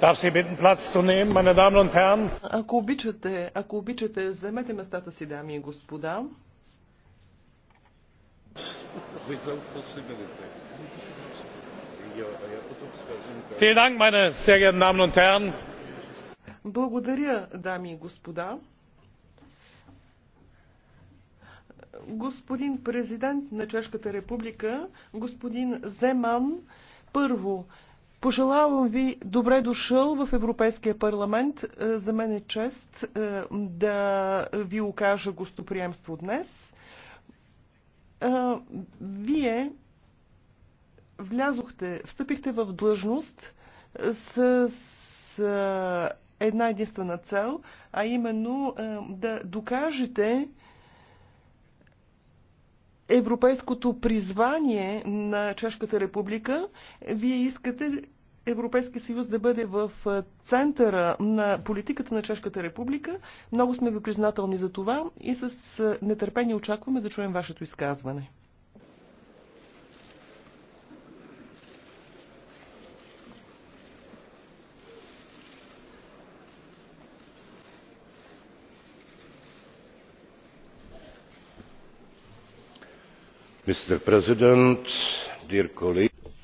Ако обичате, ако обичате, вземете местата си, дами и господа. Благодаря, дами и господа. Господин президент на Чешката република, господин Земан, първо, Пожелавам ви добре дошъл в Европейския парламент. Е, за мен е чест е, да ви окажа гостоприемство днес. Е, вие влязохте, встъпихте в длъжност с, една единствена цел, а именно да докажете европейското призвание на Чешката република, вие искате Европейския съюз да бъде в центъра на политиката на Чешката република. Много сме ви признателни за това и с нетърпение очакваме да чуем вашето изказване.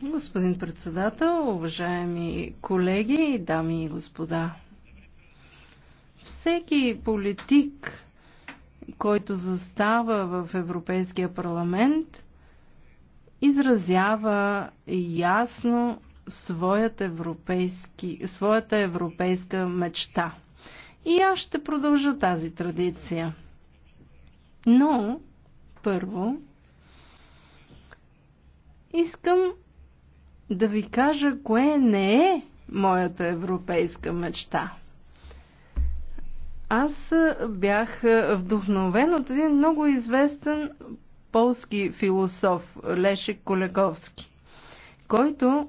Господин председател, уважаеми колеги, дами и господа. Всеки политик, който застава в Европейския парламент, изразява ясно своята, европейски, своята европейска мечта. И аз ще продължа тази традиция. Но, първо, Искам да ви кажа кое не е моята европейска мечта. Аз бях вдохновен от един много известен полски философ Лешек Колеговски, който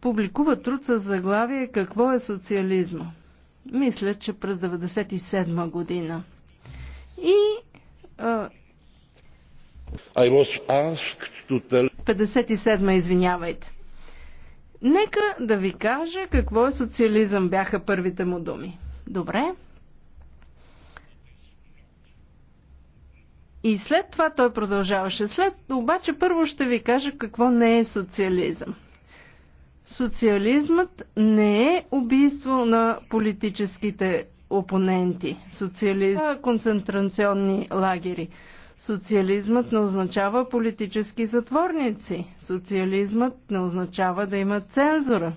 публикува труд с заглавие Какво е социализма? Мисля, че през 1997 година. И Tell... 57, извинявайте. Нека да ви кажа какво е социализъм, бяха първите му думи. Добре. И след това той продължаваше. След, обаче първо ще ви кажа какво не е социализъм. Социализмът не е убийство на политическите опоненти. Социализъм е концентрационни лагери. Социализмът не означава политически затворници. Социализмът не означава да има цензура.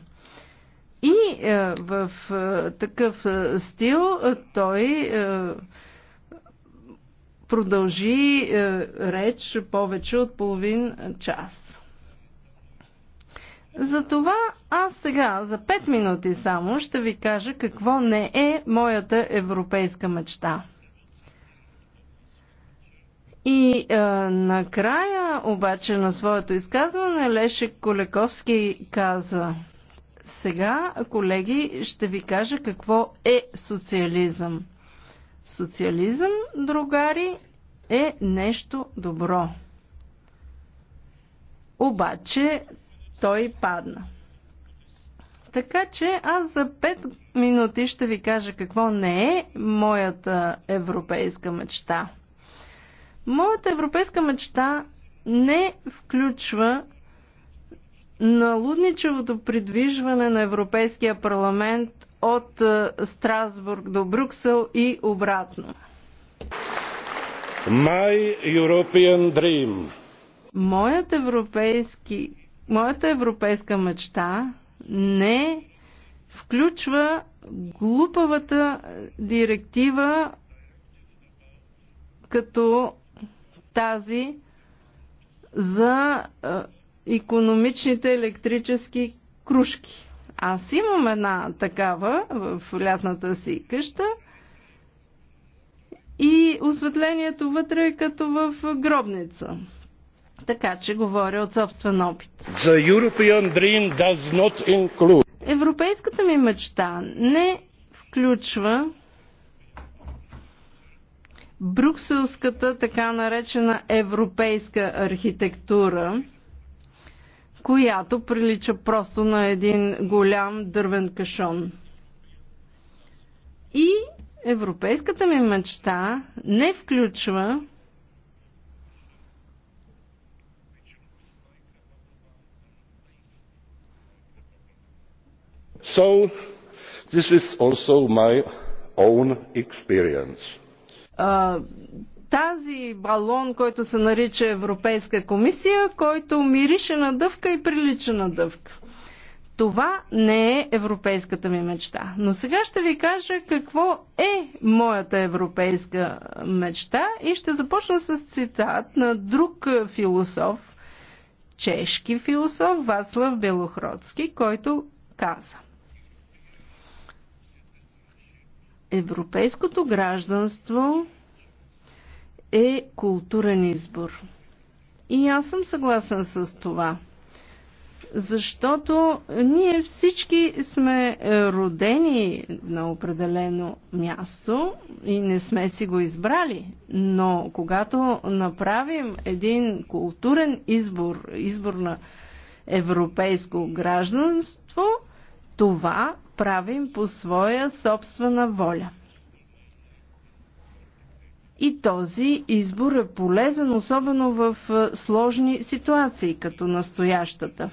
И е, в е, такъв е, стил е, той е, продължи е, реч повече от половин час. Затова аз сега за 5 минути само ще ви кажа какво не е моята европейска мечта. И а, е, накрая, обаче, на своето изказване, Лешек Колековски каза сега, колеги, ще ви кажа какво е социализъм. Социализъм, другари, е нещо добро. Обаче той падна. Така че аз за 5 минути ще ви кажа какво не е моята европейска мечта. Моята европейска мечта не включва налудничевото придвижване на Европейския парламент от е, Страсбург до Брюксел и обратно. My European dream. Моят европейски, моята европейска мечта не включва глупавата директива като тази за економичните електрически кружки. Аз имам една такава в лятната си къща и осветлението вътре е като в гробница. Така че говоря от собствен опит. The European dream does not include... Европейската ми мечта не включва брюкселската така наречена европейска архитектура, която прилича просто на един голям дървен кашон. И европейската ми мечта не включва So, this is also my own experience тази балон, който се нарича Европейска комисия, който мирише на дъвка и прилича на дъвка. Това не е европейската ми мечта. Но сега ще ви кажа какво е моята европейска мечта и ще започна с цитат на друг философ, чешки философ Вацлав Белохродски, който каза Европейското гражданство е културен избор. И аз съм съгласен с това. Защото ние всички сме е, родени на определено място и не сме си го избрали. Но когато направим един културен избор, избор на европейско гражданство, това правим по своя собствена воля. И този избор е полезен, особено в е, сложни ситуации, като настоящата.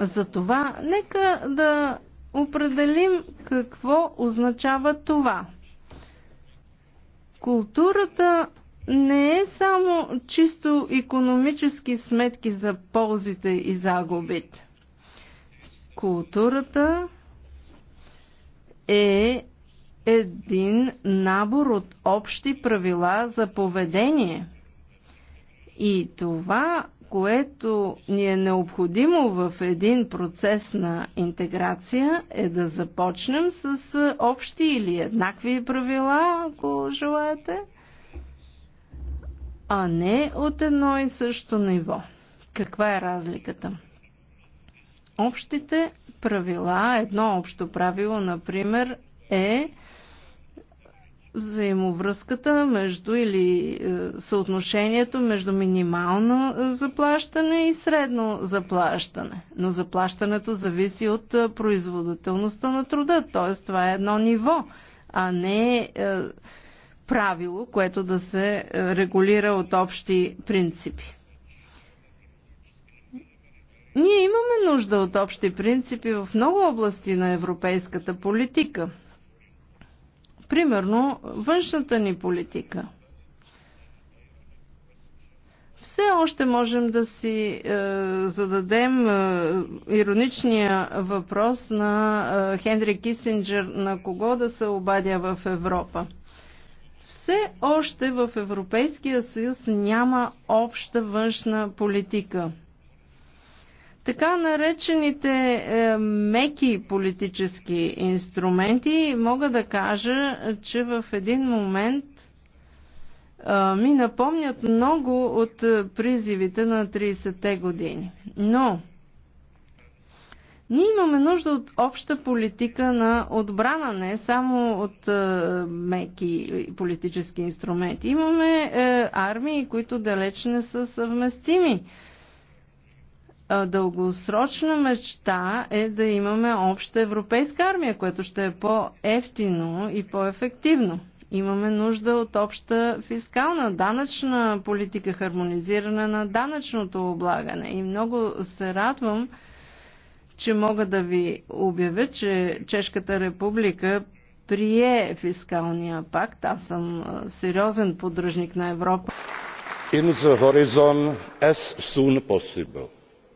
Затова нека да определим какво означава това. Културата не е само чисто економически сметки за ползите и загубите. Културата е един набор от общи правила за поведение. И това, което ни е необходимо в един процес на интеграция, е да започнем с общи или еднакви правила, ако желаете, а не от едно и също ниво. Каква е разликата? общите правила, едно общо правило, например, е взаимовръзката между или е, съотношението между минимално е, заплащане и средно заплащане. Но заплащането зависи от е, производителността на труда, т.е. това е едно ниво, а не правило, което да се регулира от общи принципи. Ние имаме нужда от общи принципи в много области на европейската политика. Примерно, външната ни политика. Все още можем да си е, зададем е, ироничния въпрос на е, Хенри Кисинджер на кого да се обадя в Европа все още в Европейския съюз няма обща външна политика. Така наречените е, меки политически инструменти мога да кажа, че в един момент е, ми напомнят много от призивите на 30-те години. Но ние имаме нужда от обща политика на отбрана, не само от е, меки политически инструменти. Имаме е, армии, които далеч не са съвместими дългосрочна мечта е да имаме обща европейска армия, което ще е по-ефтино и по-ефективно. Имаме нужда от обща фискална, данъчна политика, хармонизиране на данъчното облагане. И много се радвам, че мога да ви обявя, че Чешката република прие фискалния пакт. Аз съм сериозен поддръжник на Европа. In the horizon as soon possible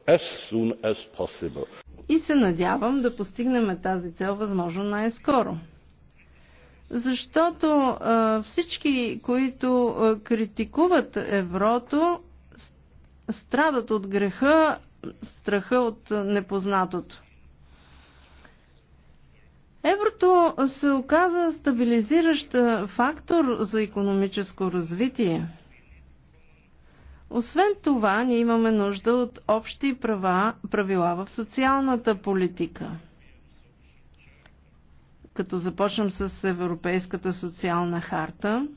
as soon as possible. И се надявам да постигнем тази цел възможно най-скоро. Защото а, всички, които а, критикуват еврото, страдат от греха, страха от непознатото. Еврото се оказа стабилизиращ фактор за економическо развитие. Освен това, ние имаме нужда от общи права, правила в социалната политика. Като започнем с Европейската социална харта,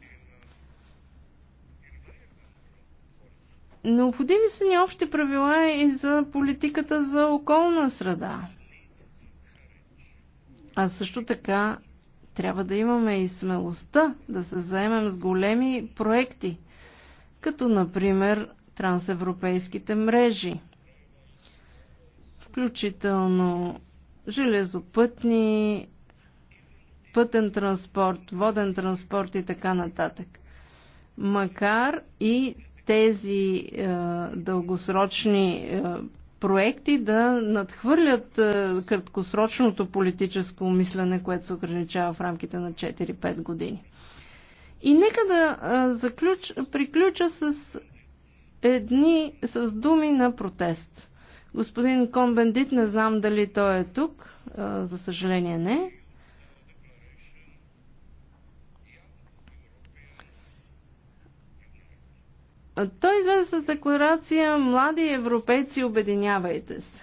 Необходими са ни общи правила и за политиката за околна среда. А също така трябва да имаме и смелостта да се заемем с големи проекти – като например трансевропейските мрежи, включително железопътни, пътен транспорт, воден транспорт и така нататък. Макар и тези е, дългосрочни е, проекти да надхвърлят е, краткосрочното политическо мислене, което се ограничава в рамките на 4-5 години. И нека да а, заключ, приключа с едни с думи на протест. Господин Комбендит, не знам дали той е тук, а, за съжаление не. Той излезе с декларация Млади европейци, обединявайте се.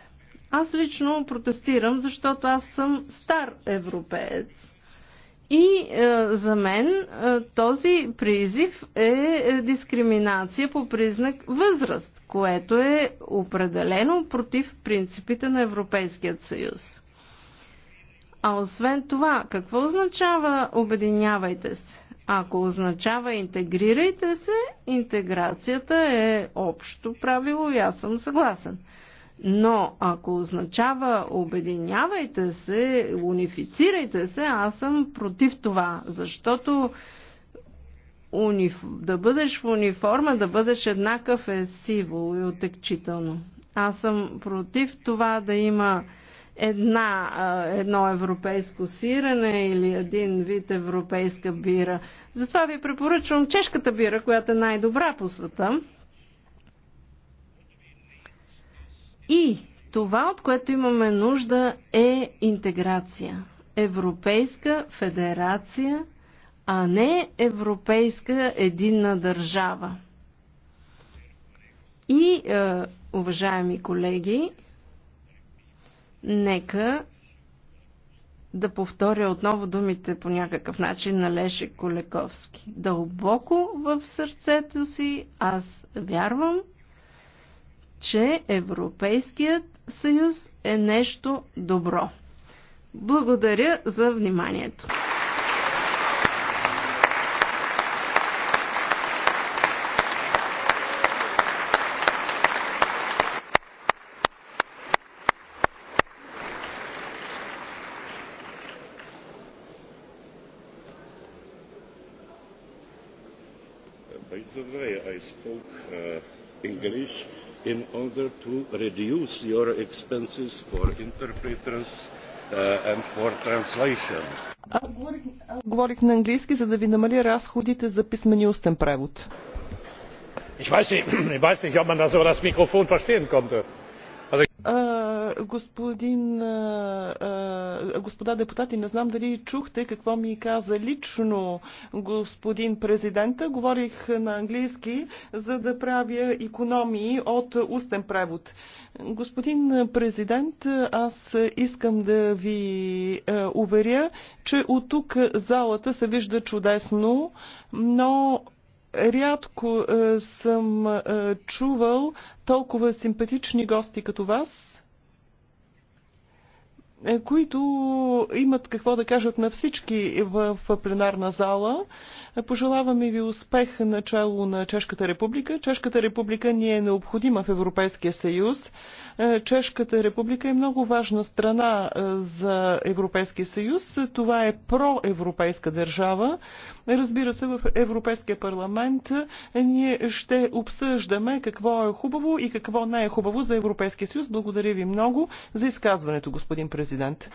Аз лично протестирам, защото аз съм стар европеец. И е, за мен е, този призив е дискриминация по признак възраст, което е определено против принципите на Европейският съюз. А освен това, какво означава обединявайте се? Ако означава интегрирайте се, интеграцията е общо правило и аз съм съгласен. Но ако означава обединявайте се, унифицирайте се, аз съм против това, защото униф... да бъдеш в униформа, да бъдеш еднакъв е сиво и отекчително. Аз съм против това да има една, едно европейско сирене или един вид европейска бира. Затова ви препоръчвам чешката бира, която е най-добра по света. И това, от което имаме нужда, е интеграция. Европейска федерация, а не европейска единна държава. И, е, уважаеми колеги, нека да повторя отново думите по някакъв начин на Леше Колековски. Дълбоко в сърцето си аз вярвам, че Европейският съюз е нещо добро. Благодаря за вниманието. Uh, english in order to reduce your expenses for interpreters and for translation. Аз говорих, аз говорих на английски, за да ви намаля разходите за писмен и устен превод. Ich weiß nicht, ich weiß nicht, ob man das über das Mikrofon verstehen konnte. Also... Uh, Господин, господа депутати, не знам дали чухте какво ми каза лично господин президента. Говорих на английски, за да правя економии от устен превод. Господин президент, аз искам да ви уверя, че от тук залата се вижда чудесно, но рядко съм чувал толкова симпатични гости като вас е, които имат какво да кажат на всички в пленарна зала. Пожелаваме ви успех начало на Чешката република. Чешката република ни е необходима в Европейския съюз. Е, Чешката република е много важна страна е, за Европейския съюз. Това е проевропейска държава. Разбира се, в Европейския парламент ние ще обсъждаме какво е хубаво и какво не е хубаво за Европейския съюз. Благодаря ви много за изказването, господин президент. Präsident.